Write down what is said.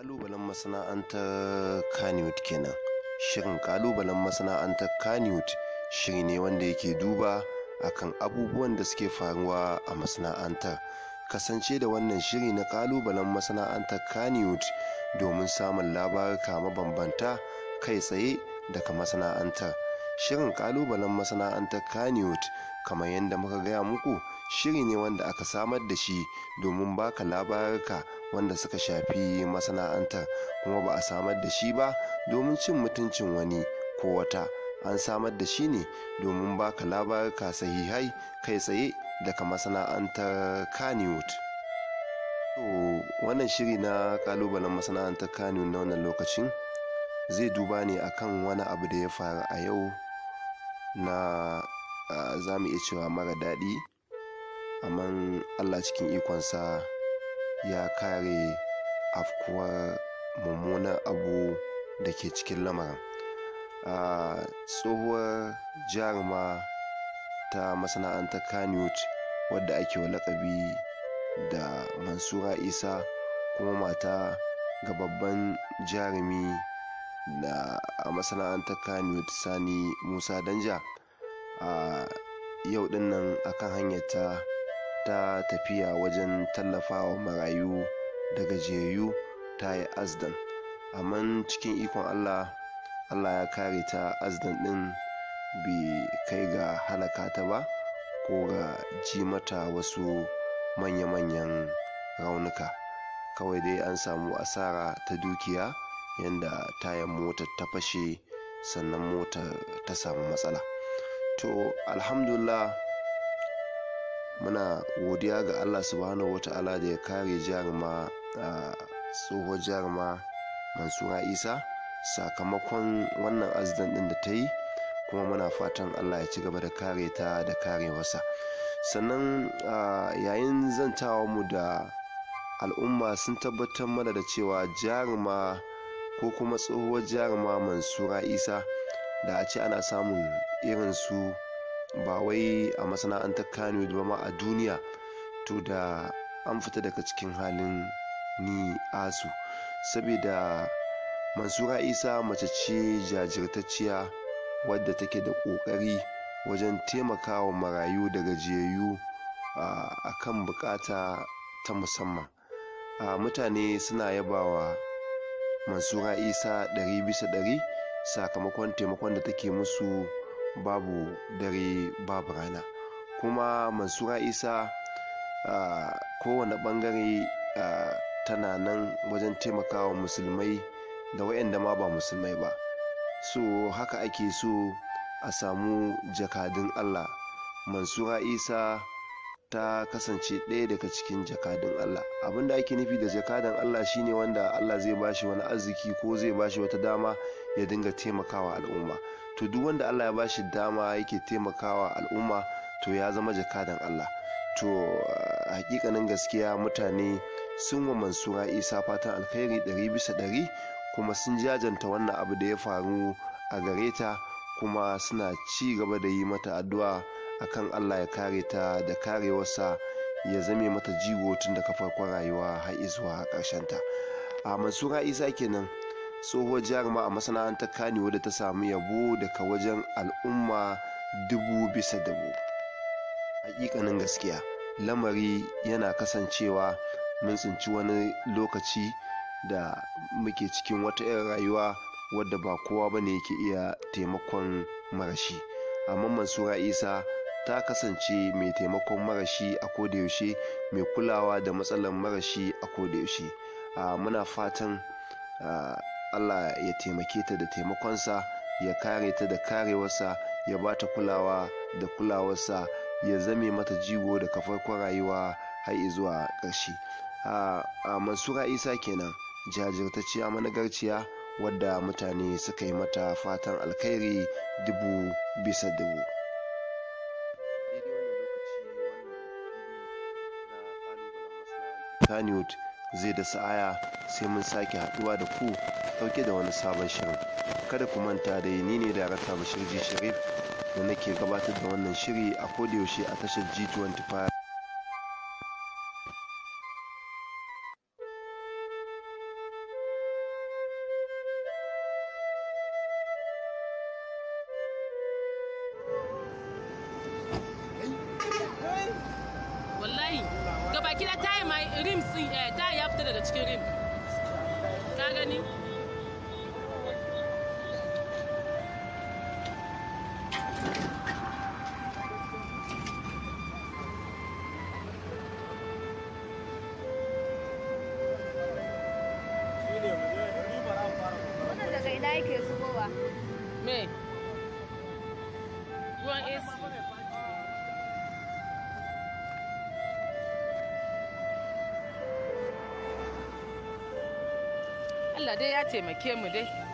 Ƙalubalen masana'antar Kannywood kenan. Shirin ƙalubalen masana'antar Kannywood shiri ne wanda yake duba akan abubuwan da suke faruwa a masana'antar. Kasance da wannan shiri na ƙalubalen masana'antar Kannywood domin samun labaruka mabambanta kai tsaye daga masana'antar. shirin kalubalen masana'antar Kannywood kamar yadda muka gaya muku shiri ne wanda aka samar da shi domin baka labarurka wanda suka shafi masana'antar kuma ba a samar da shi ba domin cin mutuncin wani ko wata an samar da shi ne domin baka labarurka sahihai kai tsaye daga masana'antar Kannywood. wannan shiri na kalubalen masana'antar Kannywood na wannan lokacin zai duba ne akan wani abu da ya faru a yau na za mu iya cewa mara daɗi amma allah cikin ikonsa ya kare afkuwar mummunan abu da ke cikin lamarin a tsohuwar jaruma ta masana'antar kanewt wadda ake wa lakabi da mansura isa kuma mata ga babban jarumi da a masana'antar kanewood sani musa danja a yau dinnan akan hanyar ta tafiya wajen tallafawa marayu da gajiyayyu ta yi azdan amma cikin ikon allah allah ya kare ta azdan din bai kai ga halaka ta ba ko ga ji mata wasu manya-manyan raunuka kawai dai an samu asara ta dukiya yanda tayan motar ta fashe sannan motar ta samu matsala to alhamdulillah muna godiya ga allah subhanahu wata'ala da ya kare jaruma tsohon jaruma mansura isa sakamakon wannan azidan din da ta yi kuma muna fatan allah ya ci gaba da kare ta da kare masa sannan yayin zantawa mu da al'umma sun tabbatar mana da cewa jaruma ko kuma tsohuwar jaruma mansura isa da a ce ana samun irin su ba wai a masana'antar kano ba ma a duniya to da an fita daga cikin halin ni asu saboda mansura isa mace ce jajirtacciya wadda take da ƙoƙari wajen taimakawa marayu da gajiyayyu a kan bukata ta musamman mutane suna yabawa mansura isa ɗari bisa ɗari sakamakon taimakon da take musu babu dare babu rana kuma mansura isa a kowane ɓangare tana nan wajen taimakawa musulmai da waɗanda ma ba musulmai ba so haka ake so a samu jakadun allah mansura isa ta kasance ɗaya daga cikin jakadun Allah abin da ake nufi da jakadan Allah shine wanda Allah zai bashi wani arziki ko zai bashi wata dama ya dinga taimakawa al'umma to duk wanda Allah ya ba shi dama yake taimakawa al'umma to ya zama jakadan Allah to hakikanin gaskiya mutane sun wa mansura isa fatan alkhairi ɗari bisa ɗari kuma sun jajanta wannan abu da ya faru a gare ta kuma suna ci gaba da yi mata addu'a akan Allah ya kare ta da karewarsa ya zame mata jigo tun daga farkon rayuwa har zuwa ta a mansura isa kenan tsohuwar jaruma a masana'antar kanewa da ta samu yabo daga wajen al'umma dubu bisa dubu hakikanin gaskiya lamari yana kasancewa mun tsinci wani lokaci da muke cikin wata irin rayuwa wadda ba kowa ba ne yake iya taimakon marashi amma mansura isa ta kasance mai taimakon marashi a kodayaushe mai kulawa da matsalar marashi a kodayaushe muna fatan allah ya taimake ta da taimakonsa ya kare ta da karewarsa ya ba ta kulawa da kulawarsa ya zame mata jigo da kafarkon rayuwa har zuwa ƙarshe a mansura isa kenan jajirtacciya managarciya wadda mutane suka yi mata fatan alkhairi dubu bisa dubu Kannywood zai dasa aya sai mun sake haduwa da ku dauke da wani sabon shirin. Kada ku manta dai ni ne Darakta Bashir Sharif da nake gabatar da wannan shiri a yaushe a tashar G25. kila taya mai rim taya ya fita the chicken rim ka gani Me? Ruwan AC. Allah dai ya taimake mu dai